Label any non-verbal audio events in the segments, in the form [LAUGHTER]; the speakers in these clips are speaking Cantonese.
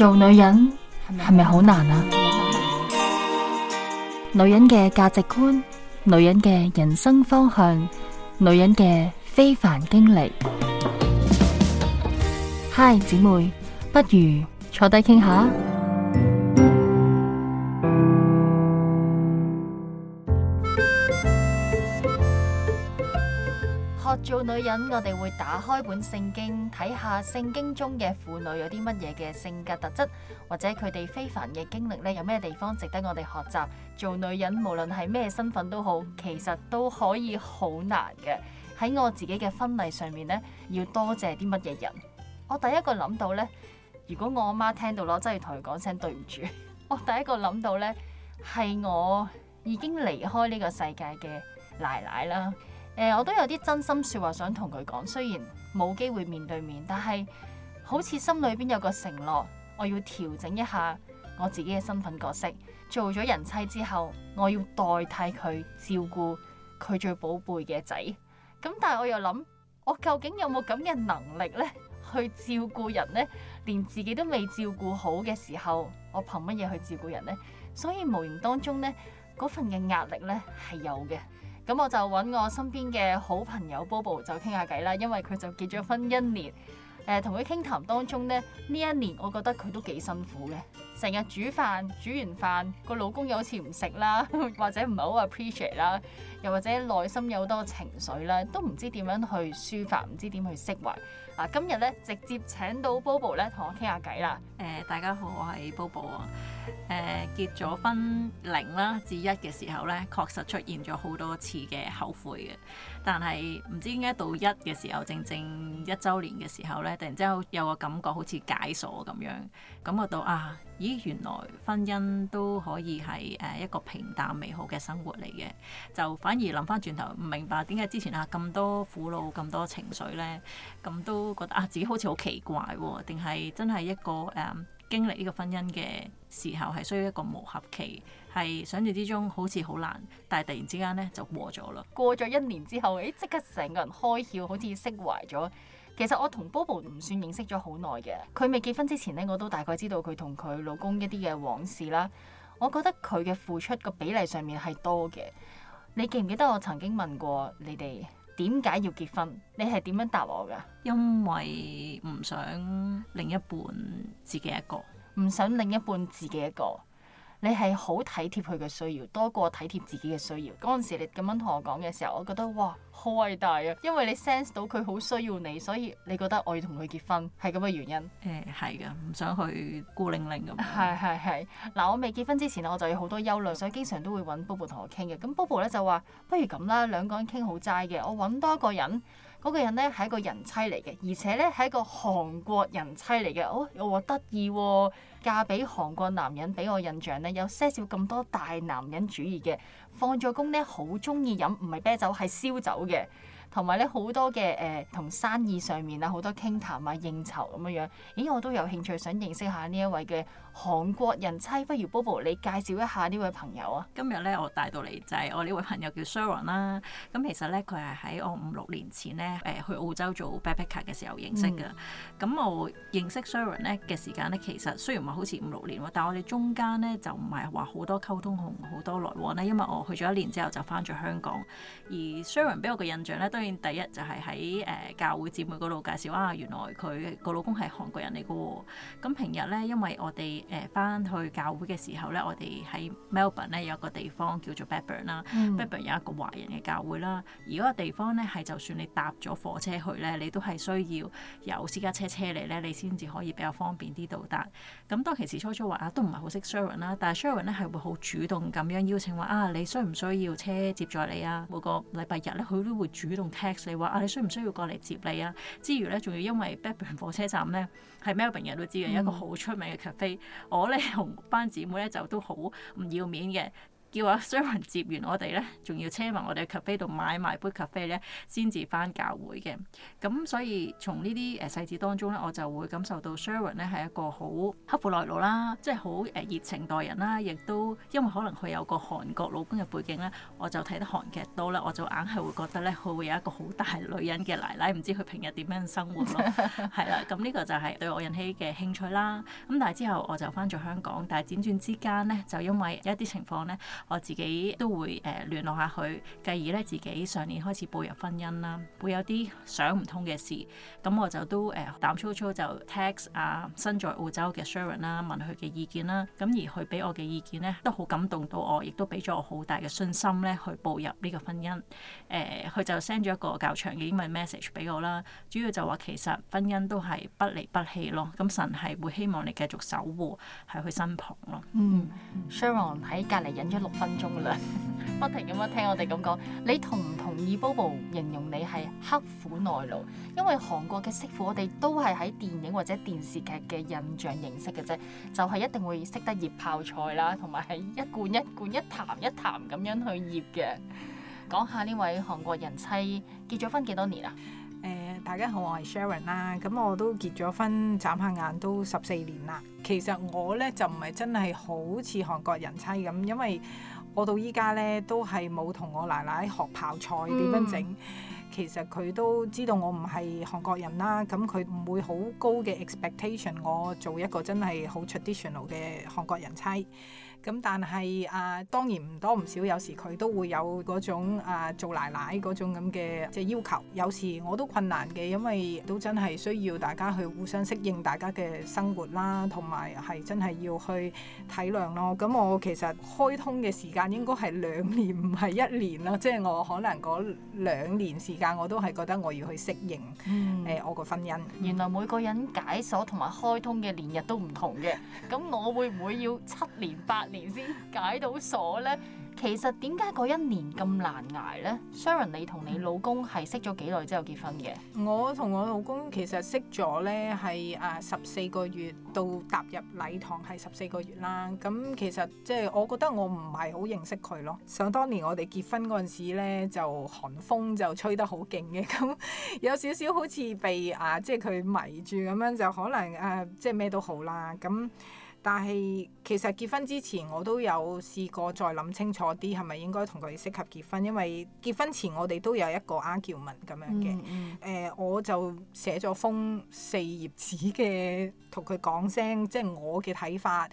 做女人係咪好難啊？女人嘅價值觀，女人嘅人生方向，女人嘅非凡經歷。嗨，姐妹，不如坐低傾下。做女人，我哋會打開本聖經睇下聖經中嘅婦女有啲乜嘢嘅性格特質，或者佢哋非凡嘅經歷咧，有咩地方值得我哋學習？做女人無論係咩身份都好，其實都可以好難嘅。喺我自己嘅婚禮上面咧，要多謝啲乜嘢人？我第一個諗到咧，如果我阿媽聽到咯，我真係同佢講聲對唔住。 [LAUGHS] 我第一個諗到咧，係我已經離開呢個世界嘅奶奶啦。誒、呃，我都有啲真心說話想同佢講，雖然冇機會面對面，但係好似心裏邊有個承諾，我要調整一下我自己嘅身份角色。做咗人妻之後，我要代替佢照顧佢最寶貝嘅仔。咁，但係我又諗，我究竟有冇咁嘅能力呢，去照顧人呢？連自己都未照顧好嘅時候，我憑乜嘢去照顧人呢？所以無形當中呢，嗰份嘅壓力呢係有嘅。咁我就揾我身邊嘅好朋友 Bobo 就傾下偈啦，因為佢就結咗婚一年，誒同佢傾談當中呢，呢一年，我覺得佢都幾辛苦嘅，成日煮飯，煮完飯個老公又好似唔食啦，或者唔係好 appreciate 啦，又或者內心有好多情緒啦，都唔知點樣去抒發，唔知點去釋懷。嗱、啊，今日呢，直接請到 Bobo 咧同我傾下偈啦。誒、呃，大家好，我係 Bobo 啊。誒、嗯，結咗婚零啦至一嘅時候咧，確實出現咗好多次嘅後悔嘅。但係唔知點解到一嘅時候，正正一周年嘅時候咧，突然之間有個感覺好似解鎖咁樣，感覺到啊，咦，原來婚姻都可以係誒、啊、一個平淡美好嘅生活嚟嘅。就反而諗翻轉頭唔明白，點解之前啊咁多苦惱咁多情緒咧，咁都覺得啊自己好似好奇怪，哦，定係真係一個誒？啊經歷呢個婚姻嘅時候，係需要一個磨合期，係想象之中好似好難，但係突然之間咧就過咗啦。過咗一年之後，誒即刻成個人開竅，好似釋懷咗。其實我同 Bobo 唔算認識咗好耐嘅，佢未結婚之前咧，我都大概知道佢同佢老公一啲嘅往事啦。我覺得佢嘅付出個比例上面係多嘅。你記唔記得我曾經問過你哋？點解要結婚？你係點樣答我㗎？因為唔想另一半自己一個，唔想另一半自己一個。你係好體貼佢嘅需要，多過體貼自己嘅需要。嗰陣時你咁樣同我講嘅時候，我覺得哇，好偉大啊！因為你 sense 到佢好需要你，所以你覺得我要同佢結婚係咁嘅原因。誒、欸，係㗎，唔想去孤零零咁。係係係。嗱，我未結婚之前，我就有好多憂慮，所以經常都會揾 Bobo 同我傾嘅。咁 Bobo 咧就話：不如咁啦，兩個人傾好齋嘅，我揾多一個人，嗰、那個人咧係一個人妻嚟嘅，而且咧係一個韓國人妻嚟嘅。哦，我話得意喎、哦！嫁俾韓國男人俾我印象咧，有些少咁多大男人主義嘅，放咗工咧好鍾意飲唔係啤酒係燒酒嘅，同埋咧好多嘅誒同生意上面啊好多傾談啊應酬咁樣樣，咦我都有興趣想認識下呢一位嘅。韓國人妻不如 Bobo，你介紹一下呢位朋友啊！今日咧我帶到嚟就係我呢位朋友叫 Sharon 啦。咁其實咧佢係喺我五六年前咧誒去澳洲做 backpacker 嘅時候認識噶。咁、嗯、我認識 Sharon 咧嘅時間咧，其實雖然話好似五六年喎，但係我哋中間咧就唔係話好多溝通好好多來往咧，因為我去咗一年之後就翻咗香港。而 Sharon 俾我嘅印象咧，當然第一就係喺誒教會姊妹嗰度介紹啊，原來佢個老公係韓國人嚟噶。咁平日咧，因為我哋誒翻去教會嘅時候咧，我哋喺 Melbourne 咧有一個地方叫做 Bathburn 啦、嗯、Bathburn 有一個華人嘅教會啦。而嗰個地方咧係就算你搭咗火車去咧，你都係需要有私家車車嚟咧，你先至可以比較方便啲到達。咁當其時初初話啊都唔係好識 Sharon 啦，但係 Sharon 咧係會好主動咁樣邀請話啊你需唔需要車接載你啊？每個禮拜日咧，佢都會主動 text 你話啊你需唔需要過嚟接你啊？之餘咧仲要因為 Bathburn 火車站咧。係 Melbourne 嘅人都知嘅，有一個好出名嘅 cafe。我咧同班姊妹咧就都好唔要面嘅。叫阿 Sharon 接完我哋咧，仲要車埋我哋去咖啡度買埋杯咖啡咧，先至翻教會嘅。咁所以從呢啲誒細節當中咧，我就會感受到 Sharon 咧係一個好刻苦耐勞啦，即係好誒熱情待人啦。亦都因為可能佢有個韓國老公嘅背景咧，我就睇得韓劇多啦，我就硬係會覺得咧，佢會有一個好大女人嘅奶奶，唔知佢平日點樣生活咯。係啦， [LAUGHS] 咁呢個就係對我引起嘅興趣啦。咁但係之後我就翻咗香港，但係輾轉之間咧，就因為一啲情況咧。我自己都會誒、呃、聯絡下佢，繼而咧自己上年開始步入婚姻啦，會有啲想唔通嘅事，咁我就都誒膽粗粗就 text 啊身在澳洲嘅 Sharon 啦，問佢嘅意見啦，咁而佢俾我嘅意見咧都好感動到我，亦都俾咗我好大嘅信心咧去步入呢個婚姻。誒、呃，佢就 send 咗一個較長嘅英文 message 俾我啦，主要就話其實婚姻都係不離不棄咯，咁神係會希望你繼續守護喺佢身旁咯。嗯 Sharon 喺隔籬引咗分鐘啦， [LAUGHS] 不停咁樣聽我哋咁講，你同唔同意 Bobo 形容你係刻苦耐勞？因為韓國嘅媳婦，我哋都係喺電影或者電視劇嘅印象認識嘅啫，就係、是、一定會識得醃泡菜啦，同埋係一罐一罐、一罐一壇一壇、 [LAUGHS] 一壇一壇咁樣去醃嘅。講下呢位韓國人妻結咗婚幾多年啊？誒、呃，大家好，我係 Sharon 啦。咁我都結咗婚，眨下眼都十四年啦。嗯、其實我咧就唔係真係好似韓國人妻咁，因為我到依家咧都係冇同我奶奶學泡菜點樣整。其實佢都知道我唔係韓國人啦，咁佢唔會好高嘅 expectation 我做一個真係好 traditional 嘅韓國人妻。咁但係啊，當然唔多唔少，有時佢都會有嗰種啊做奶奶嗰種咁嘅即係要求。有時我都困難嘅，因為都真係需要大家去互相適應大家嘅生活啦，同埋係真係要去體諒咯。咁我其實開通嘅時間應該係兩年，唔係一年咯，即係我可能嗰兩年時間我都係覺得我要去適應誒、嗯呃、我個婚姻。原來每個人解鎖同埋開通嘅年日都唔同嘅。咁我會唔會要七年八年？年先解到鎖咧，其實點解嗰一年咁難挨咧，Sharon，你同你老公係識咗幾耐之後結婚嘅？我同我老公其實識咗咧，係啊，十四個月到踏入禮堂，係十四個月啦。咁其實即係我覺得我唔係好認識佢咯。想當年我哋結婚嗰陣時咧，就韓風就吹得好勁嘅。咁有少少好似被啊即係佢迷住咁樣，就可能啊即係咩都好啦咁。但係其實結婚之前我都有試過再諗清楚啲，係咪應該同佢適合結婚，因為結婚前我哋都有一個 argument 咁樣嘅。誒、嗯嗯呃，我就寫咗封四頁紙嘅同佢講聲，即係我嘅睇法。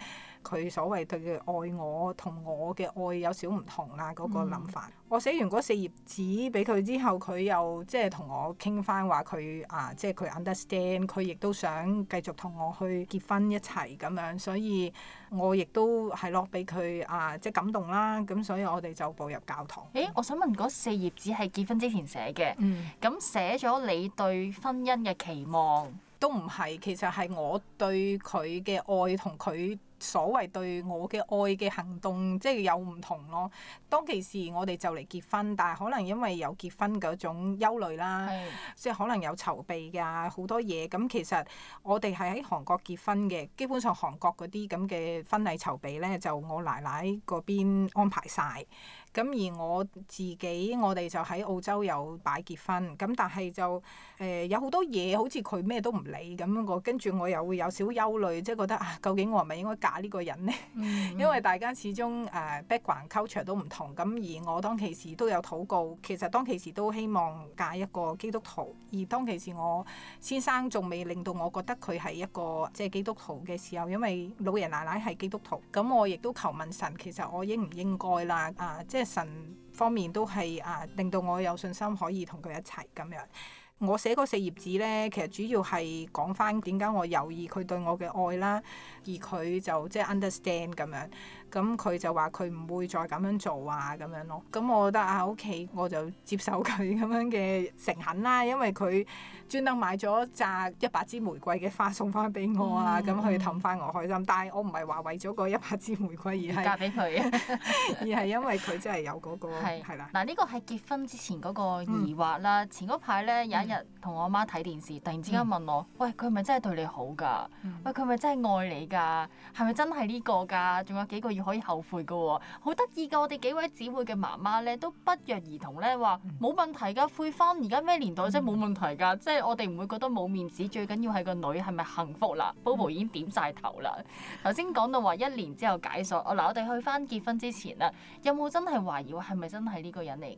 佢所謂對佢愛我同我嘅愛有少唔同啦。嗰個諗法，嗯、我寫完嗰四頁紙俾佢之後，佢又即係同我傾翻話佢啊，即係佢 understand，佢亦都想繼續同我去結婚一齊咁樣，所以我亦都係咯，俾佢啊，即係感動啦。咁所以我哋就步入教堂。誒、欸，我想問嗰四頁紙係結婚之前寫嘅，咁、嗯、寫咗你對婚姻嘅期望都唔係，其實係我對佢嘅愛同佢所謂對我嘅愛嘅行動，即係有唔同咯。當其時我哋就嚟結婚，但係可能因為有結婚嗰種憂慮啦，即係是可能有籌備噶好多嘢。咁其實我哋係喺韓國結婚嘅，基本上韓國嗰啲咁嘅婚禮籌備呢，就我奶奶嗰邊安排晒。咁而我自己，我哋就喺澳洲有擺結婚，咁但係就誒、呃、有好多嘢，好似佢咩都唔理咁樣個，跟住我又會有少憂慮，即係覺得啊，究竟我係咪應該嫁呢個人咧？嗯、因為大家始終誒 background culture 都唔同，咁而我當其時都有禱告，其實當其時都希望嫁一個基督徒，而當其時我先生仲未令到我覺得佢係一個即係、就是、基督徒嘅時候，因為老爺奶奶係基督徒，咁我亦都求問神，其實我應唔應該啦？啊，啊即係神方面都係啊，令到我有信心可以同佢一齊咁樣。我寫嗰四頁紙咧，其實主要係講翻點解我猶豫佢對我嘅愛啦，而佢就即係、就是、understand 咁樣。咁佢、嗯、就話佢唔會再咁樣做啊咁樣咯。咁、嗯、我覺得啊，喺屋、OK，企我就接受佢咁樣嘅誠懇啦，因為佢專登買咗扎一百支玫瑰嘅花送翻俾我啊，咁去氹翻我開心。但係我唔係話為咗個一百支玫瑰而係嫁俾佢，而係因為佢真係有嗰、嗰個係啦。嗱呢個係結婚之前嗰個疑惑啦。嗯、前嗰排咧有一日同我媽睇電視，突然之間問我：嗯、喂，佢咪真係對你好㗎？喂，佢咪真係愛你㗎？係咪真係呢、呢個㗎？仲、這個、有幾個月？可以後悔噶喎、哦，好得意噶！我哋幾位姊妹嘅媽媽咧，都不約而同咧話：冇問題噶，悔婚而家咩年代啫，冇問題噶，即係我哋唔會覺得冇面子。最緊要係個女係咪幸福啦？BoBo、嗯、已經點晒頭啦。頭先講到話一年之後解鎖，嗱我哋去返結婚之前啦，有冇真係懷疑係咪真係呢個人嚟㗎？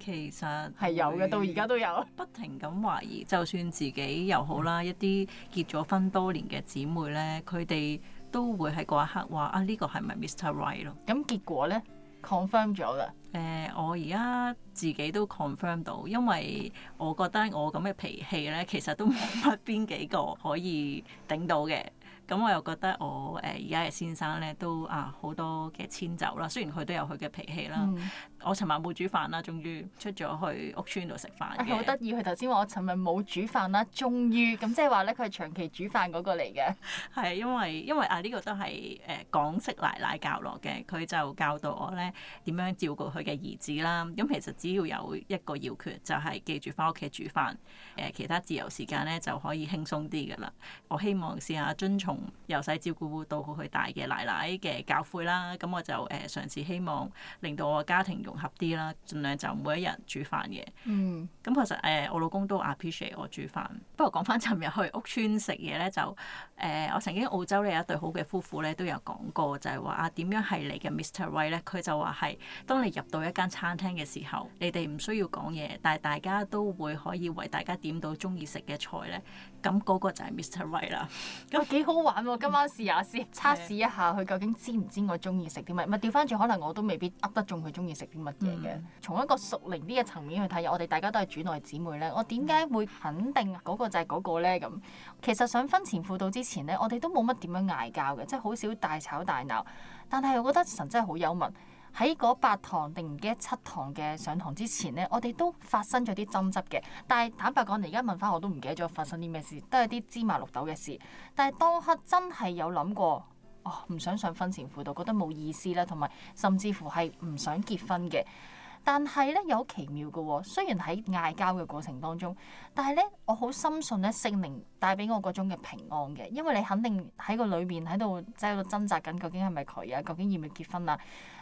其實係有嘅，到而家都有不停咁懷疑。就算自己又好啦，嗯、一啲結咗婚多年嘅姊妹咧，佢哋，都會喺嗰一刻話啊呢、這個係咪 Mr. Right 咯、嗯？咁結果咧 confirm 咗啦。誒、呃，我而家自己都 confirm 到，因為我覺得我咁嘅脾氣咧，其實都冇乜邊幾個可以頂到嘅。咁我又覺得我誒而家嘅先生咧都啊好多嘅遷就啦，雖然佢都有佢嘅脾氣啦。嗯、我尋晚冇煮飯啦，終於出咗去屋村度食飯、哎，好得意，佢頭先話我尋日冇煮飯啦，終於咁即係話咧，佢係長期煮飯嗰個嚟嘅。係因為因為啊呢、呢個都係誒、啊、港式奶奶教落嘅，佢就教到我咧點樣照顧佢嘅兒子啦。咁其實只要有一個要訣，就係、是、記住翻屋企煮飯誒、呃，其他自由時間咧就可以輕鬆啲㗎啦。我希望試下遵從。由細照顧到好佢大嘅奶奶嘅教誨啦，咁我就誒嘗試，希望令到我家庭融合啲啦，盡量就每一日煮飯嘅。嗯，咁其實誒我老公都 appreciate 我煮飯。不過講翻尋日去屋村食嘢咧，就誒、呃、我曾經澳洲咧有一對好嘅夫婦咧都有講過就，啊 right、就係話啊點樣係你嘅 Mr. Right 咧？佢就話係當你入到一間餐廳嘅時候，你哋唔需要講嘢，但係大家都會可以為大家點到中意食嘅菜咧。咁嗰個就係 Mr. Ray、right、啦，咁幾、啊、好玩喎！今晚試下先，嗯、測試一下佢究竟知唔知我中意食啲乜？咪調翻轉，可能我都未必噏得中佢中意食啲乜嘢嘅。嗯、從一個熟齡啲嘅層面去睇，我哋大家都係主內姊妹咧。我點解會肯定嗰個就係嗰個咧？咁其實想婚前輔導之前咧，我哋都冇乜點樣嗌交嘅，即係好少大吵大鬧。但係我覺得神真係好幽默。喺嗰八堂定唔記得七堂嘅上堂之前咧，我哋都發生咗啲爭執嘅。但係坦白講，你而家問翻我都唔記得咗發生啲咩事，都係啲芝麻綠豆嘅事。但係當刻真係有諗過，哦，唔想上婚前輔導，覺得冇意思啦，同埋甚至乎係唔想結婚嘅。但係咧有好奇妙嘅、哦，雖然喺嗌交嘅過程當中，但係咧我好深信咧聖靈帶俾我嗰種嘅平安嘅，因為你肯定喺個裏面，喺度即係喺度掙扎緊，究竟係咪佢啊？究竟要唔要結婚啊？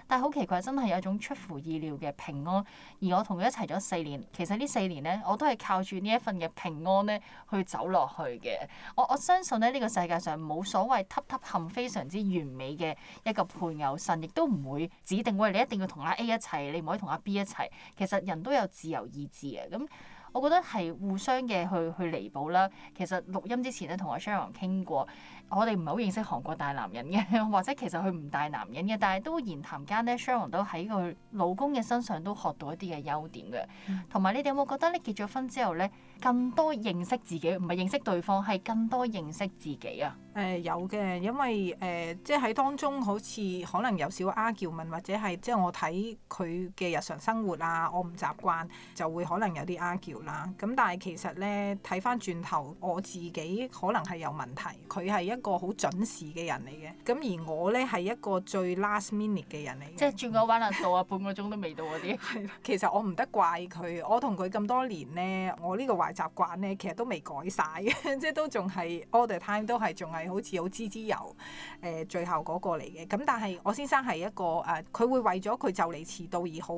但好奇怪，真係有一種出乎意料嘅平安。而我同佢一齊咗四年，其實呢四年咧，我都係靠住呢一份嘅平安咧去走落去嘅。我我相信咧，呢個世界上冇所謂塔塔冚非常之完美嘅一個配偶神，神亦都唔會指定喂，你一定要同阿 A 一齊，你唔可以同阿 B 一齊。其實人都有自由意志嘅。咁我覺得係互相嘅去去彌補啦。其實錄音之前咧，同阿 Sharon 傾過。我哋唔係好認識韓國大男人嘅，或者其實佢唔大男人嘅，但係都言談間咧，Sharon 都喺佢老公嘅身上都學到一啲嘅優點嘅。同埋、嗯、你哋有冇覺得咧結咗婚之後咧，更多認識自己，唔係認識對方，係更多認識自己啊？誒、呃、有嘅，因為誒、呃、即係喺當中好似可能有少拗撬問，或者係即係我睇佢嘅日常生活啊，我唔習慣就會可能有啲拗撬啦。咁但係其實咧睇翻轉頭，我自己可能係有問題，佢係一。一個好準時嘅人嚟嘅，咁而我呢，係一個最 last minute 嘅人嚟嘅，即係轉個彎啊到啊半個鐘都未到嗰啲。其實我唔得怪佢，我同佢咁多年呢，我呢個壞習慣呢，其實都未改晒，即 [LAUGHS] 係都仲係 all the time 都係仲係好似好滋滋油、呃、最後嗰個嚟嘅。咁但係我先生係一個佢、呃、會為咗佢就嚟遲到而好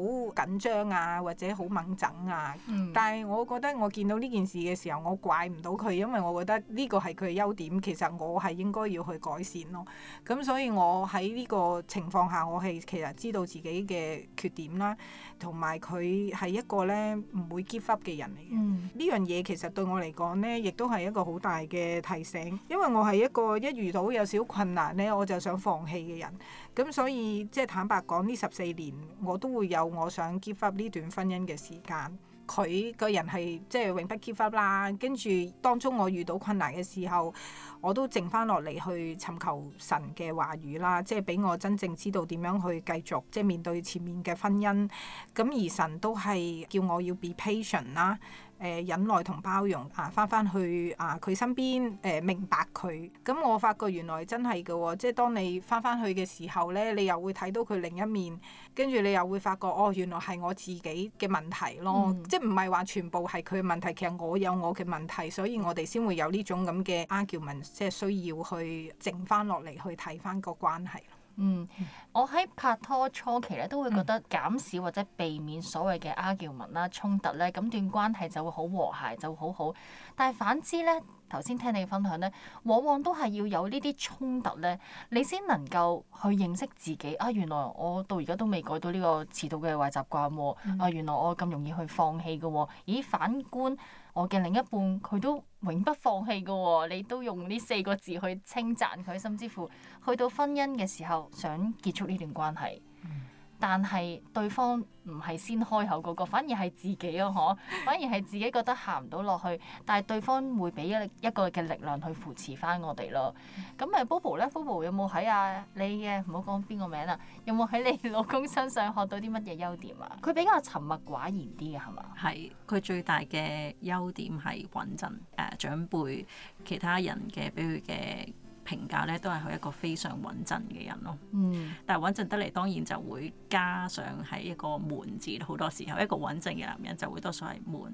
緊張啊，或者好掹整啊。嗯、但係我覺得我見到呢件事嘅時候，我怪唔到佢，因為我覺得呢個係佢嘅優點。其實我係。係應該要去改善咯，咁所以我喺呢個情況下，我係其實知道自己嘅缺點啦，同埋佢係一個咧唔會 give up 嘅人嚟嘅。呢、嗯、樣嘢其實對我嚟講咧，亦都係一個好大嘅提醒，因為我係一個一遇到有少少困難咧，我就想放棄嘅人。咁所以即係坦白講，呢十四年我都會有我想 give up 呢段婚姻嘅時間。佢個人係即係永不 give up 啦，跟住當中我遇到困難嘅時候，我都靜返落嚟去尋求神嘅話語啦，即係俾我真正知道點樣去繼續，即係面對前面嘅婚姻。咁而神都係叫我要 be patient 啦。誒，忍耐同包容啊，翻返去啊佢身邊誒、呃、明白佢咁，我發覺原來真係㗎喎，即係當你翻返去嘅時候咧，你又會睇到佢另一面，跟住你又會發覺哦，原來係我自己嘅問題咯，嗯、即係唔係話全部係佢問題，其實我有我嘅問題，所以我哋先會有呢種咁嘅 argument，即係需要去靜翻落嚟去睇翻個關係。嗯，我喺拍拖初期咧，都會覺得減少或者避免所謂嘅 argument 啦，衝突咧，咁段關係就會好和諧，就好好。但係反之咧。頭先聽你分享咧，往往都係要有呢啲衝突咧，你先能夠去認識自己啊！原來我到而家都未改到呢個遲到嘅壞習慣喎。啊，原來我咁容易去放棄㗎喎。咦，反觀我嘅另一半，佢都永不放棄㗎喎。你都用呢四個字去稱讚佢，甚至乎去到婚姻嘅時候，想結束呢段關係。嗯。但係對方唔係先開口嗰個，反而係自己咯，嗬！反而係自己覺得行唔到落去，但係對方會俾一一個嘅力量去扶持翻我哋咯。咁咪 Bobo 咧？Bobo 有冇喺啊你嘅唔好講邊個名啦？有冇喺你老公身上學到啲乜嘢優點啊？佢比較沉默寡言啲嘅係嘛？係佢最大嘅優點係穩陣誒，長輩其他人嘅俾佢嘅評價咧都係佢一個非常穩陣嘅人咯，嗯，但係穩陣得嚟當然就會加上係一個悶字，好多時候一個穩陣嘅男人就會多數係悶。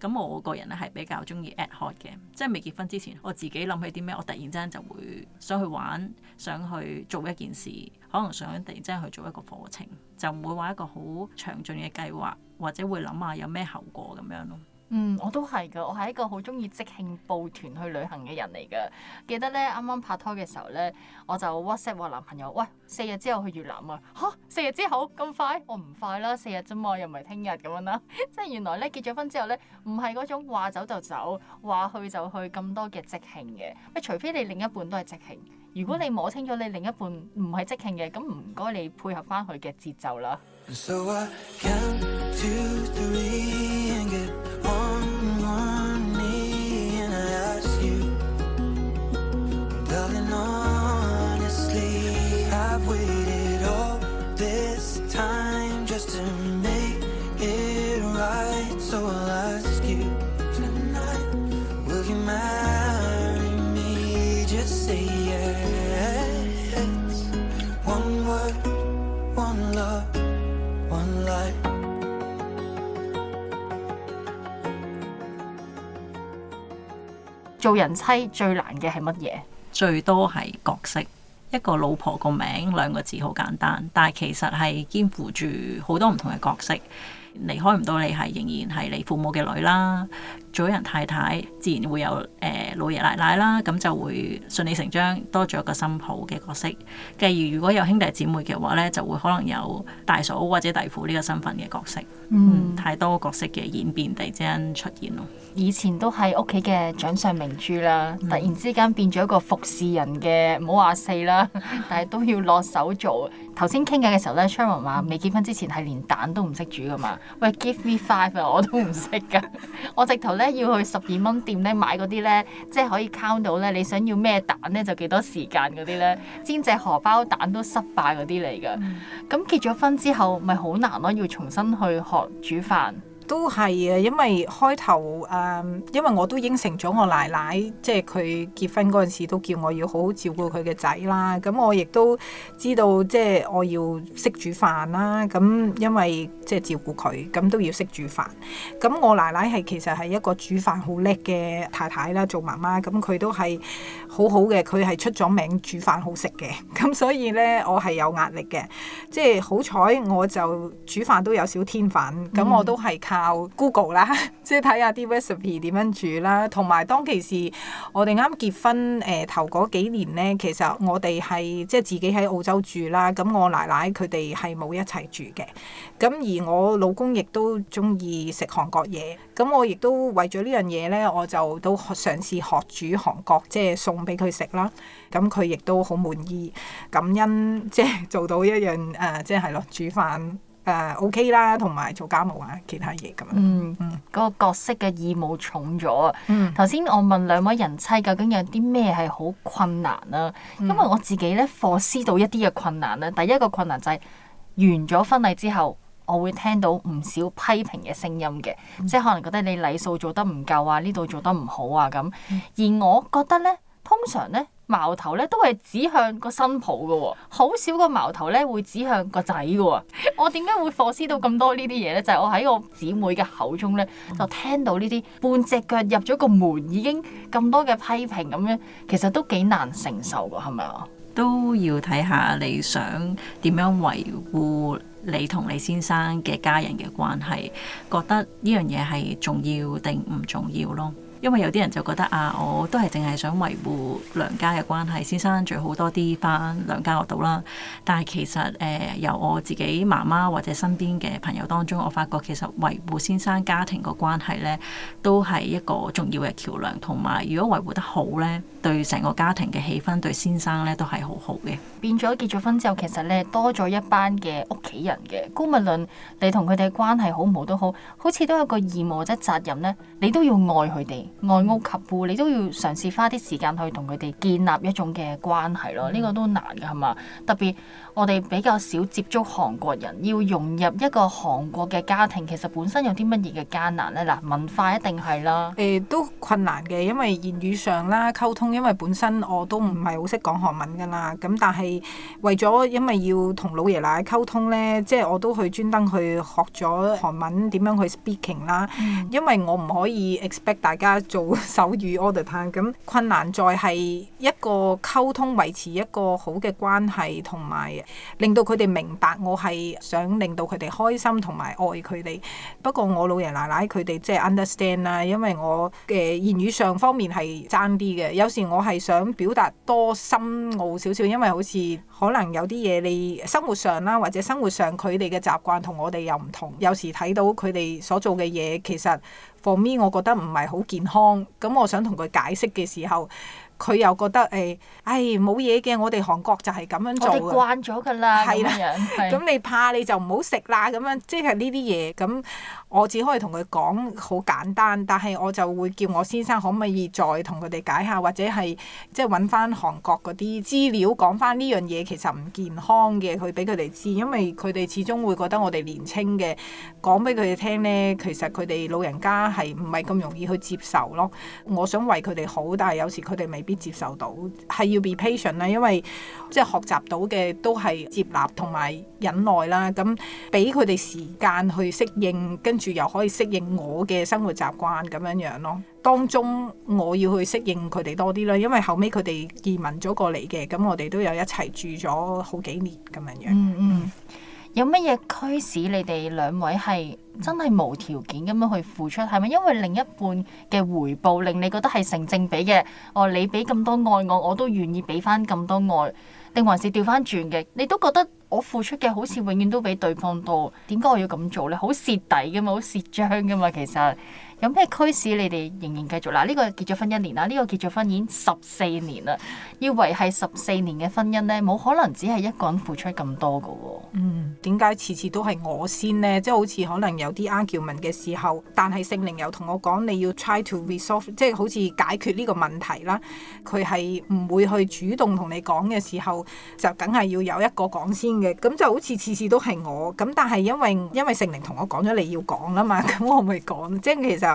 咁我個人咧係比較中意 at hot 嘅，即係未結婚之前，我自己諗起啲咩，我突然之間就會想去玩，想去做一件事，可能想突然之間去做一個課程，就唔會話一個好詳盡嘅計劃，或者會諗下有咩後果咁樣咯。嗯，我都係噶，我係一個好中意即興報團去旅行嘅人嚟噶。記得咧，啱啱拍拖嘅時候咧，我就 WhatsApp 話男朋友：喂，四日之後去越南啊！嚇，四日之後咁快？我唔快啦，四日啫嘛，又唔係聽日咁樣啦。即 [LAUGHS] 係原來咧結咗婚之後咧，唔係嗰種話走就走，話去就去咁多嘅即興嘅。咪除非你另一半都係即興，如果你摸清咗你另一半唔係即興嘅，咁唔該你配合返佢嘅節奏啦。So 做人妻最難嘅係乜嘢？最多係角色，一個老婆個名兩個字好簡單，但係其實係肩負住好多唔同嘅角色。離開唔到你係仍然係你父母嘅女啦，做人太太自然會有誒、呃、老爺奶奶啦，咁就會順理成章多咗一個新抱嘅角色。繼而如果有兄弟姐妹嘅話咧，就會可能有大嫂或者弟婦呢個身份嘅角色。嗯，太多角色嘅演變突然之間出現咯。以前都係屋企嘅掌上明珠啦，嗯、突然之間變咗一個服侍人嘅，唔好話四啦， [LAUGHS] 但係都要落手做。頭先傾偈嘅時候咧，Sharon 話，未結婚之前係連蛋都唔識煮㗎嘛。喂，give me five 啊，我都唔識㗎， [LAUGHS] 我直頭咧要去十二蚊店咧買嗰啲咧，即係可以 count 到咧你想要咩蛋咧就幾多時間嗰啲咧，煎隻荷包蛋都失敗嗰啲嚟㗎。咁結咗婚之後，咪好難咯，啊，要重新去學煮飯。都係啊，因為開頭誒、嗯，因為我都應承咗我奶奶，即係佢結婚嗰陣時都叫我要好好照顧佢嘅仔啦。咁我亦都知道，即係我要識煮飯啦。咁因為即係照顧佢，咁都要識煮飯。咁我奶奶係其實係一個煮飯好叻嘅太太啦，做媽媽咁佢都係。好好嘅，佢係出咗名煮飯好食嘅，咁所以咧我係有壓力嘅，即係好彩我就煮飯都有少天份，咁、嗯、我都係靠 Google 啦，即係睇下啲 recipe 點樣煮啦，同埋當其時我哋啱結婚誒、呃、頭幾年咧，其實我哋係即係自己喺澳洲住啦，咁我奶奶佢哋係冇一齊住嘅，咁而我老公亦都中意食韓國嘢，咁我亦都為咗呢樣嘢咧，我就都嘗試學煮韓國即係餸。俾佢食啦，咁佢亦都好滿意，感恩即係、就是、做到一樣誒，即係咯煮飯誒，OK 啦，同埋做家務啊，其他嘢咁樣。嗯，嗰、嗯、個角色嘅義務重咗。嗯。頭先我問兩位人妻，究竟有啲咩係好困難啦、啊？嗯、因為我自己咧，課思到一啲嘅困難咧。第一個困難就係、是、完咗婚禮之後，我會聽到唔少批評嘅聲音嘅，嗯、即係可能覺得你禮數做得唔夠啊，呢度做得唔好啊咁。而我覺得咧。通常咧，矛頭咧都係指向個新抱噶，好少個矛頭咧會指向個仔噶、哦。 [LAUGHS] 我點解會 focus 到咁多呢啲嘢咧？就係、我喺我姊妹嘅口中咧，就聽到呢啲半隻腳入咗個門，已經咁多嘅批評咁樣，其實都幾難承受噶，係咪啊？都要睇下你想點樣維護你同你先生嘅家人嘅關係，覺得呢樣嘢係重要定唔重要咯？因為有啲人就覺得啊，我都係淨係想維護娘家嘅關係，先生最好多啲返娘家度啦。但係其實誒、呃，由我自己媽媽或者身邊嘅朋友當中，我發覺其實維護先生家庭個關係咧，都係一個重要嘅橋梁，同埋如果維護得好咧，對成個家庭嘅氣氛，對先生咧都係好好嘅。變咗結咗婚之後，其實咧多咗一班嘅屋企人嘅，姑勿論你同佢哋關係好唔好都好，好似都有個義務或者責任咧，你都要愛佢哋。外屋及戶，你都要嘗試花啲時間去同佢哋建立一種嘅關係咯。呢、嗯、個都難嘅係嘛，特別。我哋比較少接觸韓國人，要融入一個韓國嘅家庭，其實本身有啲乜嘢嘅艱難呢？嗱，文化一定係啦。誒、呃，都困難嘅，因為言語上啦，溝通，因為本身我都唔係好識講韓文噶啦。咁但係為咗因為要同老爺奶溝通呢，即係我都去專登去學咗韓文點樣去 speaking 啦、嗯。因為我唔可以 expect 大家做手語 order time。咁困難在係一個溝通維持一個好嘅關係同埋。令到佢哋明白，我係想令到佢哋開心同埋愛佢哋。不過我老爺奶奶佢哋即係 understand 啦，因為我嘅言語上方面係爭啲嘅。有時我係想表達多深奧少少，因為好似可能有啲嘢你生活上啦，或者生活上佢哋嘅習慣同我哋又唔同。有時睇到佢哋所做嘅嘢，其實 for me 我覺得唔係好健康。咁我想同佢解釋嘅時候。佢又覺得誒，哎冇嘢嘅，我哋韓國就係咁樣做嘅。我哋慣咗㗎啦，咁樣。咁你怕你就唔好食啦，咁樣即係呢啲嘢。咁我只可以同佢講好簡單，但係我就會叫我先生可唔可以再同佢哋解下，或者係即係揾翻韓國嗰啲資料講翻呢樣嘢其實唔健康嘅，去俾佢哋知，因為佢哋始終會覺得我哋年青嘅講俾佢哋聽咧，其實佢哋老人家係唔係咁容易去接受咯？我想為佢哋好，但係有時佢哋未必接受到，係要 be patient 啦，因為即係學習到嘅都係接納同埋忍耐啦。咁俾佢哋時間去適應，跟住又可以適應我嘅生活習慣咁樣樣咯。當中我要去適應佢哋多啲啦，因為後尾佢哋移民咗過嚟嘅，咁我哋都有一齊住咗好幾年咁樣樣。嗯有乜嘢驅使你哋兩位係真係無條件咁樣去付出，係咪因為另一半嘅回報令你覺得係成正比嘅？哦，你俾咁多愛我，我都願意俾翻咁多愛，定還是調翻轉嘅？你都覺得我付出嘅好似永遠都比對方多，點解我要咁做呢？好蝕底㗎嘛，好蝕張㗎嘛，其實。有咩驅使你哋仍然繼續嗱？呢個結咗婚一年啦，呢個結咗婚已經十四年啦，要維係十四年嘅婚姻咧，冇可能只係一個人付出咁多㗎喎。嗯，點解次次都係我先咧？即係好似可能有啲 argument 嘅時候，但係聖靈又同我講你要 try to resolve，即係好似解決呢個問題啦。佢係唔會去主動同你講嘅時候，就梗係要有一個講先嘅，咁就好似次次都係我。咁但係因為因為聖靈同我講咗你要講啦嘛，咁我咪講。即係其實。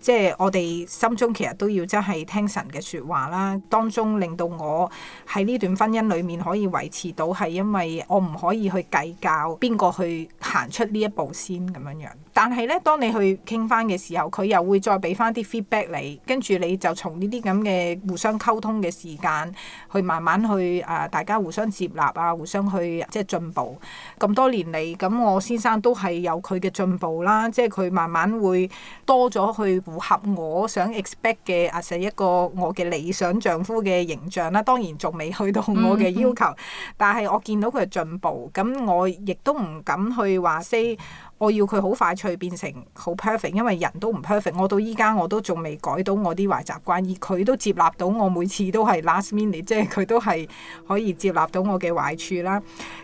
即係我哋心中，其實都要真係聽神嘅說話啦。當中令到我喺呢段婚姻裏面可以維持到，係因為我唔可以去計較邊個去行出呢一步先咁樣樣。但係咧，當你去傾翻嘅時候，佢又會再俾翻啲 feedback 你，跟住你就從呢啲咁嘅互相溝通嘅時間，去慢慢去啊，大家互相接納啊，互相去即係進步。咁多年嚟，咁我先生都係有佢嘅進步啦，即係佢慢慢會多。咗去符合我想 expect 嘅啊，成一個我嘅理想丈夫嘅形象啦。當然仲未去到我嘅要求，mm hmm。但係我見到佢嘅進步，咁我亦都唔敢去話 say。我要佢好快脆變成好 perfect，因為人都唔 perfect。我到依家我都仲未改到我啲壞習慣，而佢都接納到我每次都係 last minute，即係佢都係可以接納到我嘅壞處啦。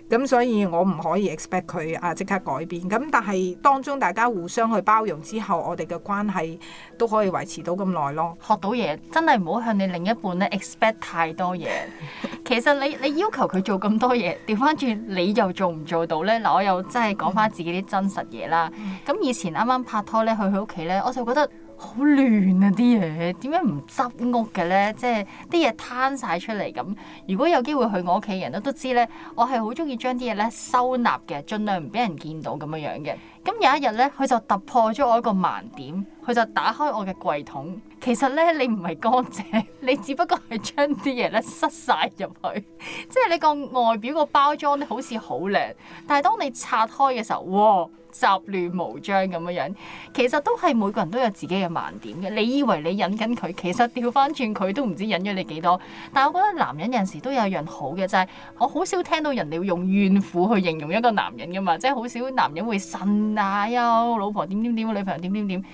咁所以我唔可以 expect 佢啊，即刻改變，咁但係當中大家互相去包容之後我哋嘅關係都可以維持到咁耐咯。學到嘢真係唔好向你另一半咧 expect 太多嘢。 [LAUGHS] 其實你你要求佢做咁多嘢，調翻轉你又做唔做到咧？嗱，我又真係講翻自己啲真實。嘢啦，咁、嗯、以前啱啱拍拖咧，去佢屋企咧，我就覺得好亂啊！啲嘢點解唔執屋嘅咧？即係啲嘢攤晒出嚟咁。如果有機會去我屋企，人咧都知咧，我係好中意將啲嘢咧收納嘅，盡量唔俾人見到咁樣樣嘅。咁有一日咧，佢就突破咗我一個盲點，佢就打開我嘅櫃桶。其實咧，你唔係乾淨，你只不過係將啲嘢咧塞晒入去，即係你個外表個包裝咧好似好靚，但係當你拆開嘅時候，哇！雜亂無章咁樣樣，其實都係每個人都有自己嘅盲點嘅。你以為你忍緊佢，其實調翻轉佢都唔知忍咗你幾多。但係我覺得男人有陣時都有一樣好嘅，就係我好少聽到人哋用怨婦去形容一個男人噶嘛，即係好少男人會呻啊，又老婆點點點，女朋友點點點，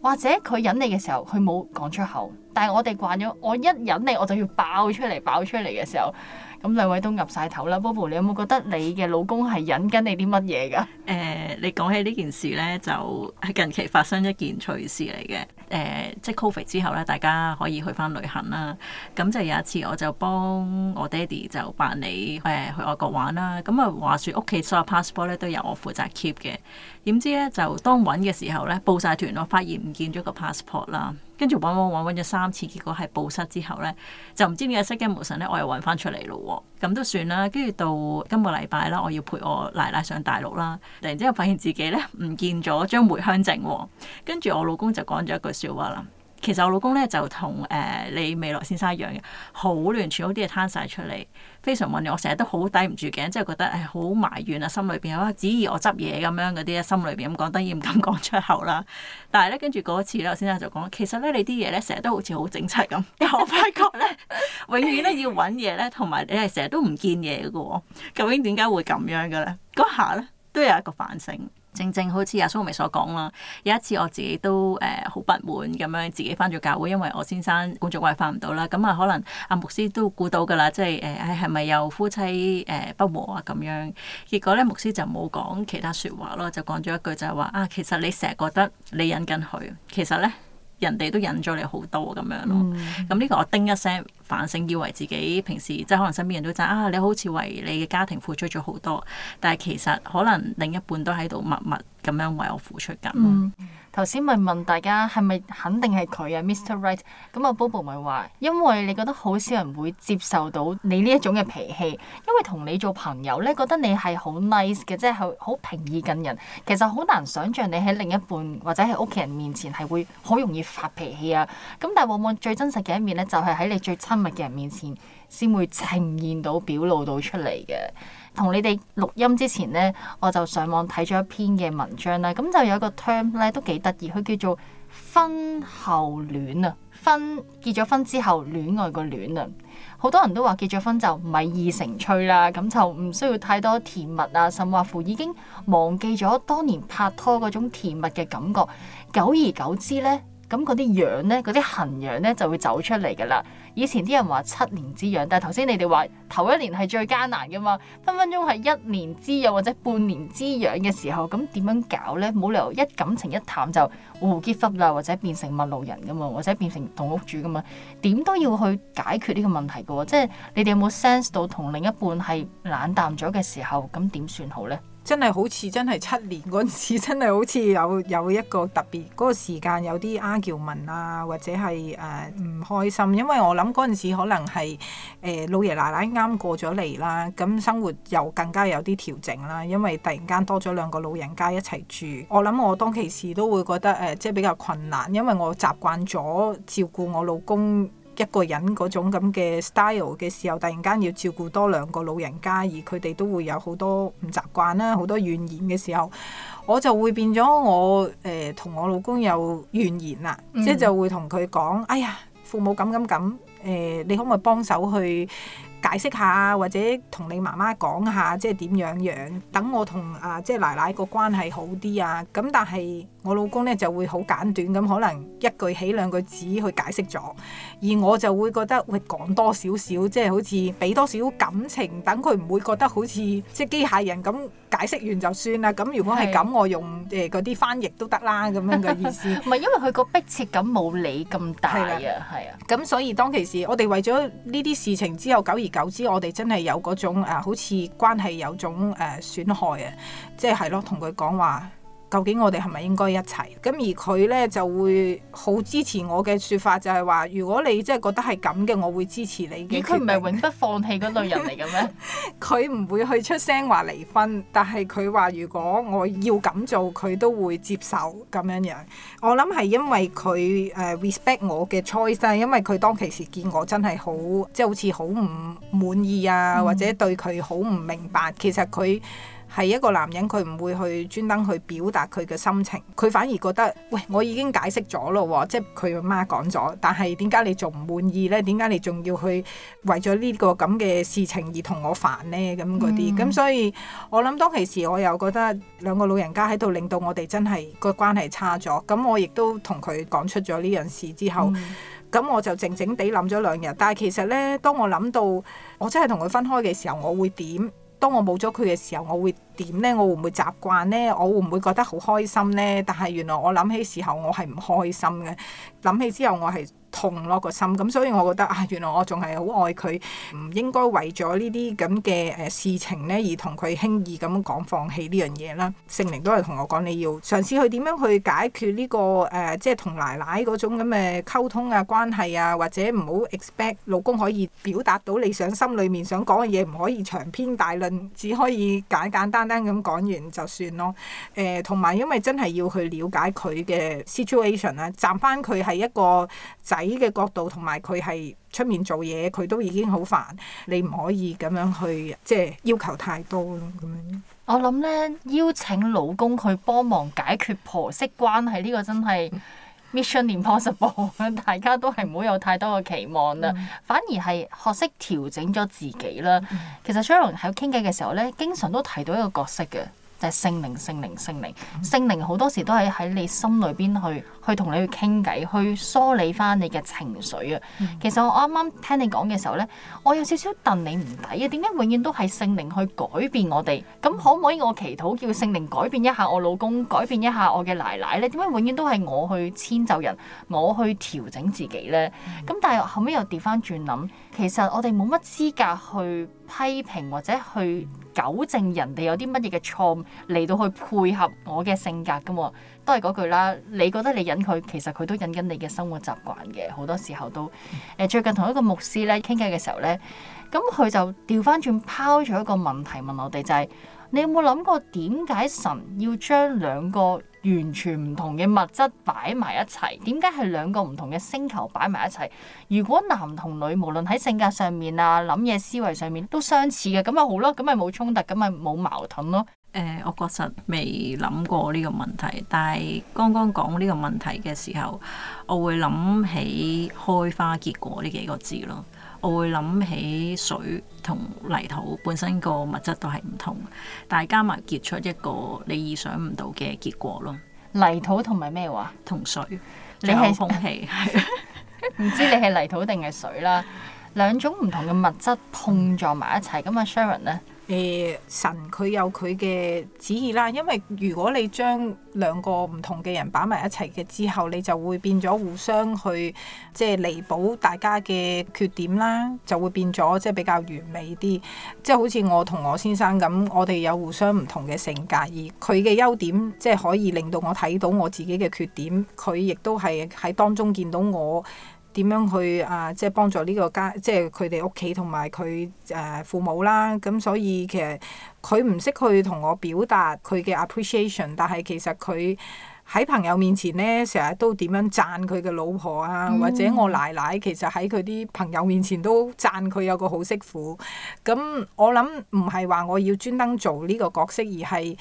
或者佢忍你嘅時候，佢冇講出口，但係我哋慣咗，我一忍你我就要爆出嚟，爆出嚟嘅時候。咁兩位都岌晒頭啦，b o 你有冇覺得你嘅老公係隱緊你啲乜嘢噶？誒、呃，你講起呢件事咧，就近期發生一件趣事嚟嘅。誒、呃，即係 c o f f e e 之後咧，大家可以去翻旅行啦。咁就有一次，我就幫我爹哋就辦理去去外國玩啦。咁啊，話説屋企所有 passport 咧，都由我負責 keep 嘅。點知咧就當揾嘅時候咧，報晒團，我發現唔見咗個 passport 啦，跟住揾揾揾揾咗三次，結果係報失之後咧，就唔知點解失驚無神咧，我又揾翻出嚟咯，咁都算啦。跟住到今個禮拜啦，我要陪我奶奶上大陸啦，突然之間發現自己咧唔見咗張回鄉證，跟住我老公就講咗一句笑話啦。其實我老公咧就同誒、呃、你未來先生一樣嘅，好亂，全屋啲嘢攤晒出嚟，非常混亂。我成日都好抵唔住頸，即係覺得係好、哎、埋怨啊，心裏邊哇，指意我執嘢咁樣嗰啲，心裏邊咁講，當然唔敢講出口啦。但係咧，跟住嗰次咧，我先生就講，其實咧你啲嘢咧成日都好似好整齊咁，但係我發覺咧，永遠咧要揾嘢咧，同埋你係成日都唔見嘢嘅喎。哦、 [LAUGHS] 究竟點解會咁樣嘅咧？嗰下咧都有一個反省。正正好似阿蘇媚所講啦，有一次我自己都誒好不滿咁樣，自己翻咗教會，因為我先生工作關係翻唔到啦，咁啊可能阿牧師都估到噶啦，即係誒係咪有夫妻誒不和啊咁樣？結果咧牧師就冇講其他説話咯，就講咗一句就係話啊，其實你成日覺得你忍緊佢，其實咧。人哋都引咗你好多咁樣咯，咁呢、嗯、個我叮一聲反省，以為自己平時即係可能身邊人都讚啊，你好似為你嘅家庭付出咗好多，但係其實可能另一半都喺度默默咁樣為我付出緊。頭先咪問大家係咪肯定係佢啊，Mr. Right？咁阿 Bobo 咪話，因為你覺得好少人會接受到你呢一種嘅脾氣，因為同你做朋友咧，覺得你係好 nice 嘅，即係好平易近人。其實好難想像你喺另一半或者喺屋企人面前係會好容易發脾氣啊。咁但係往往最真實嘅一面咧，就係喺你最親密嘅人面前先會呈現到、表露到出嚟嘅。同你哋錄音之前呢，我就上網睇咗一篇嘅文章啦。咁就有一個 term 咧，都幾得意，佢叫做婚後戀啊。婚結咗婚之後，戀愛個戀啊。好多人都話結咗婚就唔係二成趣啦，咁就唔需要太多甜蜜啊，甚或乎已經忘記咗當年拍拖嗰種甜蜜嘅感覺。久而久之呢。咁嗰啲癢咧，嗰啲痕癢咧就會走出嚟噶啦。以前啲人話七年之癢，但係頭先你哋話頭一年係最艱難噶嘛，分分鐘係一年之癢或者半年之癢嘅時候，咁點樣搞咧？冇理由一感情一淡就糊結忽啦，或者變成陌路人噶嘛，或者變成同屋主噶嘛，點都要去解決呢個問題噶喎。即係你哋有冇 sense 到同另一半係冷淡咗嘅時候，咁點算好咧？真係好似真係七年嗰陣時，真係好似有有一個特別嗰個時間，有啲 argument 啊，或者係誒唔開心，因為我諗嗰陣時可能係誒老爺奶奶啱過咗嚟啦，咁生活又更加有啲調整啦，因為突然間多咗兩個老人家一齊住，我諗我當其時都會覺得誒、呃，即係比較困難，因為我習慣咗照顧我老公。一個人嗰種咁嘅 style 嘅時候，突然間要照顧多兩個老人家，而佢哋都會有好多唔習慣啦，好多怨言嘅時候，我就會變咗我誒同、呃、我老公有怨言啦，嗯、即係就會同佢講：哎呀，父母咁咁咁，誒、呃、你可唔可以幫手去解釋下，或者同你媽媽講下，即係點樣樣？等我同啊即係奶奶個關係好啲啊！咁但係。我老公咧就會好簡短咁，可能一句起兩句止去解釋咗，而我就會覺得喂，講多少少，即係好似俾多少感情，等佢唔會覺得好似即係機械人咁解釋完就算啦。咁如果係咁，是我用誒嗰啲翻譯都得啦，咁樣嘅意思。唔係 [LAUGHS] 因為佢個逼切感冇你咁大啊，係啊的。咁的所以當其時，我哋為咗呢啲事情之後，久而久之，我哋真係有嗰種、呃、好似關係有種誒損害啊，即係係咯，同佢講話。究竟我哋係咪應該一齊？咁而佢呢就會好支持我嘅説法，就係話如果你真係覺得係咁嘅，我會支持你嘅。佢唔係永不放棄嗰類人嚟嘅咩？佢唔會去出聲話離婚，但係佢話如果我要咁做，佢都會接受咁樣樣。我諗係因為佢、uh, respect 我嘅 choice，因為佢當其時見我真係好即係好似好唔滿意啊，嗯、或者對佢好唔明白，其實佢。係一個男人，佢唔會去專登去表達佢嘅心情，佢反而覺得喂，我已經解釋咗咯，即係佢阿媽講咗，但係點解你仲唔滿意咧？點解你仲要去為咗呢個咁嘅事情而同我煩咧？咁嗰啲咁，嗯、所以我諗當其時，我又覺得兩個老人家喺度令到我哋真係個關係差咗。咁我亦都同佢講出咗呢樣事之後，咁、嗯、我就靜靜地諗咗兩日。但係其實咧，當我諗到我真係同佢分開嘅時候，我會點？當我冇咗佢嘅時候，我會？點呢？我會唔會習慣呢？我會唔會覺得好開心呢？但係原來我諗起時候，我係唔開心嘅。諗起之後我，我係痛咯個心。咁所以，我覺得啊，原來我仲係好愛佢，唔應該為咗呢啲咁嘅誒事情呢，而同佢輕易咁講放棄呢樣嘢啦。聖靈都係同我講，你要嘗試佢點樣去解決呢、這個誒、呃，即係同奶奶嗰種咁嘅溝通啊、關係啊，或者唔好 expect 老公可以表達到你想心裏面想講嘅嘢，唔可以長篇大論，只可以簡簡單單。簡單咁講完就算咯，誒、呃，同埋因為真係要去了解佢嘅 situation 啦，站返佢係一個仔嘅角度，同埋佢係出面做嘢，佢都已經好煩，你唔可以咁樣去即係要求太多咯，咁樣。我諗咧，邀請老公去幫忙解決婆媳關係呢、這個真係。Mission Impossible，大家都係唔好有太多嘅期望啦，嗯、反而係學識調整咗自己啦。嗯、其實 Sharon 喺傾偈嘅時候咧，經常都提到一個角色嘅。就係聖靈，聖靈，聖靈，聖靈好多時都係喺你心裏邊去，去同你去傾偈，去梳理翻你嘅情緒啊。其實我啱啱聽你講嘅時候咧，我有少少戥你唔抵啊。點解永遠都係聖靈去改變我哋？咁可唔可以我祈禱叫聖靈改變一下我老公，改變一下我嘅奶奶咧？點解永遠都係我去遷就人，我去調整自己咧？咁但係後尾又跌翻轉諗，其實我哋冇乜資格去批評或者去糾正人哋有啲乜嘢嘅錯誤，嚟到去配合我嘅性格噶、哦，都係嗰句啦。你覺得你引佢，其實佢都引緊你嘅生活習慣嘅。好多時候都誒，嗯、最近同一個牧師咧傾偈嘅時候咧，咁佢就掉返轉拋咗一個問題問我哋，就係、是。你有冇諗過點解神要將兩個完全唔同嘅物質擺埋一齊？點解係兩個唔同嘅星球擺埋一齊？如果男同女無論喺性格上面啊、諗嘢、思維上面都相似嘅，咁咪好咯，咁咪冇衝突，咁咪冇矛盾咯。誒、呃，我確實未諗過呢個問題，但係剛剛講呢個問題嘅時候，我會諗起開花結果呢幾個字咯。我會諗起水同泥土本身個物質都係唔同，但係加埋結出一個你意想唔到嘅結果咯。泥土同埋咩話？同水，你係有空氣，唔知你係泥土定係水啦。兩種唔同嘅物質碰撞埋一齊，咁啊，Sharon 咧。誒、欸、神佢有佢嘅旨意啦，因為如果你將兩個唔同嘅人擺埋一齊嘅之後，你就會變咗互相去即係彌補大家嘅缺點啦，就會變咗即係比較完美啲。即係好似我同我先生咁，我哋有互相唔同嘅性格，而佢嘅優點即係可以令到我睇到我自己嘅缺點，佢亦都係喺當中見到我。點樣去啊、呃，即係幫助呢個家，即係佢哋屋企同埋佢誒父母啦。咁所以其實佢唔識去同我表達佢嘅 appreciation，但係其實佢喺朋友面前呢，成日都點樣讚佢嘅老婆啊，嗯、或者我奶奶其實喺佢啲朋友面前都讚佢有個好媳婦。咁我諗唔係話我要專登做呢個角色，而係。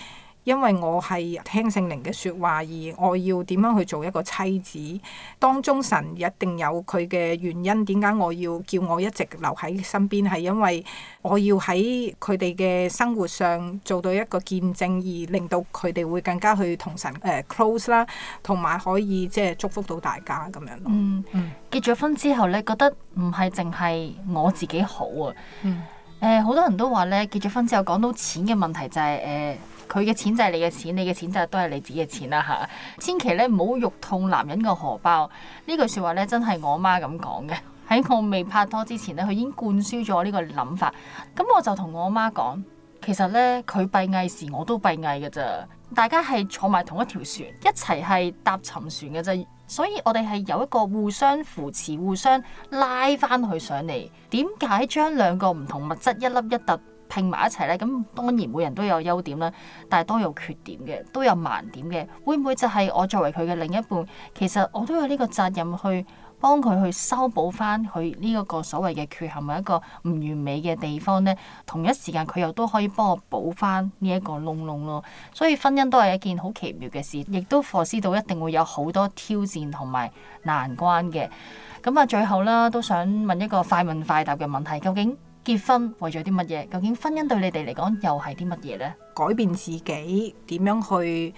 因為我係聽聖靈嘅説話，而我要點樣去做一個妻子？當中神一定有佢嘅原因，點解我要叫我一直留喺身邊？係因為我要喺佢哋嘅生活上做到一個見證，而令到佢哋會更加去同神誒 close 啦，同埋可以即係祝福到大家咁樣。嗯嗯，嗯結咗婚之後咧，覺得唔係淨係我自己好啊。嗯。呃、好多人都話咧，結咗婚之後講到錢嘅問題就係、是、誒。呃佢嘅錢就係你嘅錢，你嘅錢就都係你自己嘅錢啦、啊、嚇！千祈咧唔好肉痛男人嘅荷包，呢句説話咧真係我媽咁講嘅。喺 [LAUGHS] 我未拍拖之前咧，佢已經灌輸咗我呢個諗法。咁我就同我媽講，其實咧佢閉翳時我都閉翳嘅咋，大家係坐埋同一條船，一齊係搭沉船嘅啫。所以我哋係有一個互相扶持、互相拉翻佢上嚟。點解將兩個唔同物質一粒一凸？拼埋一齊咧，咁當然每人都有優點啦，但係都有缺點嘅，都有盲點嘅。會唔會就係我作為佢嘅另一半，其實我都有呢個責任去幫佢去修補翻佢呢一個所謂嘅缺陷，或一個唔完美嘅地方咧。同一時間佢又都可以幫我補翻呢一個窿窿咯。所以婚姻都係一件好奇妙嘅事，亦都 foresee 到一定會有好多挑戰同埋難關嘅。咁啊，最後啦，都想問一個快問快答嘅問題，究竟，結婚為咗啲乜嘢？究竟婚姻對你哋嚟講又係啲乜嘢呢？改變自己，點樣去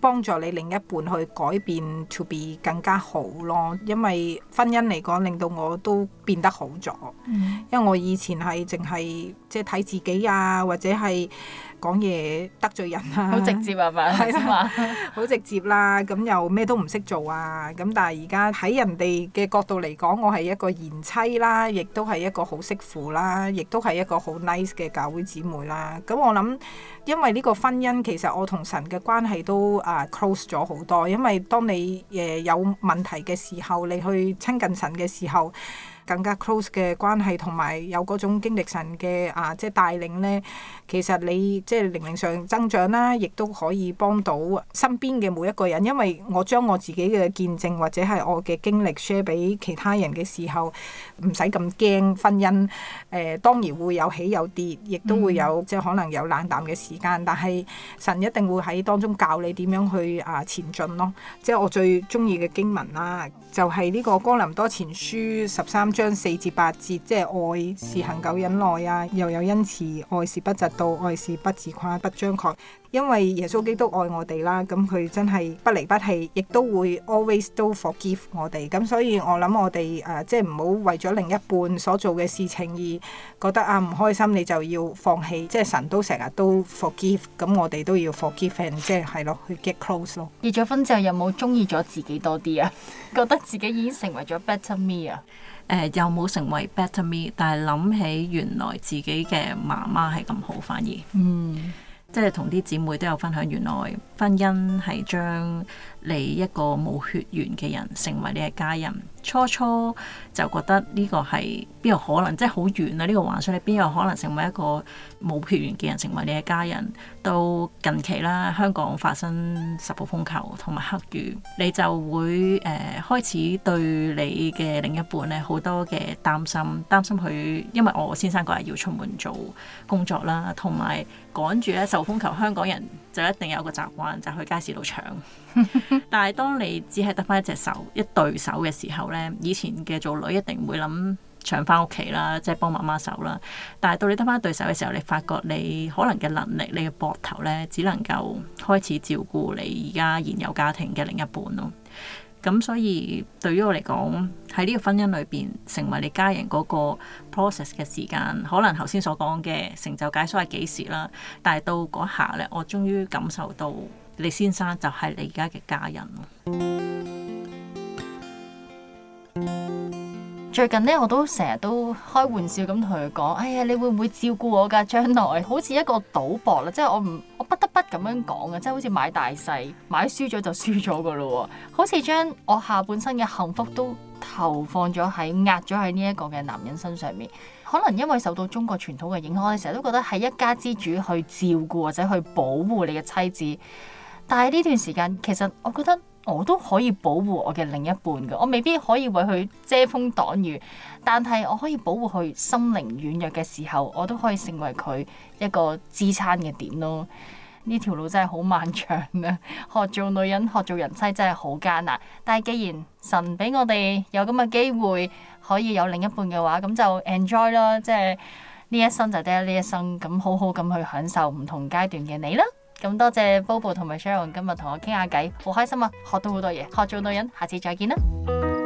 幫助你另一半去改變，to be 更加好咯。因為婚姻嚟講，令到我都變得好咗。嗯。因為我以前係淨係即係睇自己啊，或者係。講嘢得罪人啦、啊，好直接啊嘛，係啊嘛，好 [LAUGHS] 直接啦、啊，咁又咩都唔識做啊，咁但係而家喺人哋嘅角度嚟講，我係一個賢妻啦，亦都係一個好媳婦啦，亦都係一個好 nice 嘅教會姊妹啦。咁我諗，因為呢個婚姻其實我同神嘅關係都啊 close 咗好多，因為當你誒有問題嘅時候，你去親近神嘅時候。更加 close 嘅關係同埋有嗰種經歷神嘅啊，即係帶領咧。其實你即係靈靈上增長啦，亦都可以幫到身邊嘅每一個人。因為我將我自己嘅見證或者係我嘅經歷 share 俾其他人嘅時候，唔使咁驚婚姻。誒、呃、當然會有起有跌，亦都會有即係可能有冷淡嘅時間，但係神一定會喺當中教你點樣去啊前進咯。即係我最中意嘅經文啦、啊，就係、是、呢個哥林多前書十三。將四至八節，即係愛是恒久忍耐啊，又有恩慈；愛是不嫉妒，愛是不自誇，不張狂。因為耶穌基督都愛我哋啦，咁佢真係不離不棄，亦都會 always 都 forgive 我哋。咁所以我諗我哋誒，即係唔好為咗另一半所做嘅事情而覺得啊唔開心，你就要放棄。即係神都成日都 forgive，咁我哋都要 forgive，即係係咯去 get close 咯。結咗婚之後有冇中意咗自己多啲啊？ [LAUGHS] 覺得自己已經成為咗 better me 啊？誒、呃、又冇成為 better me，但係諗起原來自己嘅媽媽係咁好，反而，嗯，即係同啲姊妹都有分享，原來婚姻係將你一個冇血緣嘅人成為你嘅家人。初初就覺得呢個係邊有可能，即係好遠啊！呢個幻想你邊有可能成為一個冇血緣嘅人，成為你嘅家人。到近期啦，香港發生十號風球同埋黑雨，你就會誒、呃、開始對你嘅另一半咧好多嘅擔心，擔心佢。因為我先生嗰日要出門做工作啦，同埋趕住咧受風球，香港人就一定有個習慣，就去街市度搶。 [LAUGHS] 但係當你只係得翻一隻手一對手嘅時候呢，以前嘅做女一定會諗搶翻屋企啦，即係幫媽媽手啦。但係到你得翻一對手嘅時候，你發覺你可能嘅能力，你嘅膊頭呢，只能夠開始照顧你而家現有家庭嘅另一半咯。咁所以對於我嚟講，喺呢個婚姻裏邊，成為你家人嗰個 process 嘅時間，可能頭先所講嘅成就解鎖係幾時啦。但係到嗰下呢，我終於感受到。你先生就係你而家嘅家人咯。最近咧，我都成日都開玩笑咁同佢講：哎呀，你會唔會照顧我㗎？將來好似一個賭博啦，即係我唔我不得不咁樣講嘅，即係好似買大細，買輸咗就輸咗㗎咯喎。好似將我下半生嘅幸福都投放咗喺壓咗喺呢一個嘅男人身上面，可能因為受到中國傳統嘅影響，我成日都覺得係一家之主去照顧或者去保護你嘅妻子。但係呢段時間，其實我覺得我都可以保護我嘅另一半㗎，我未必可以為佢遮風擋雨，但係我可以保護佢心靈軟弱嘅時候，我都可以成為佢一個支撐嘅點咯。呢條路真係好漫長啊，學做女人、學做人妻真係好艱難。但係既然神俾我哋有咁嘅機會可以有另一半嘅話，咁就 enjoy 咯。即係呢一生就得呢一生，咁好好咁去享受唔同階段嘅你啦。咁多謝 Bobo 同埋 Sharon 今日同我傾下偈，好開心呀！學到好多嘢，學做女人，下次再見啦～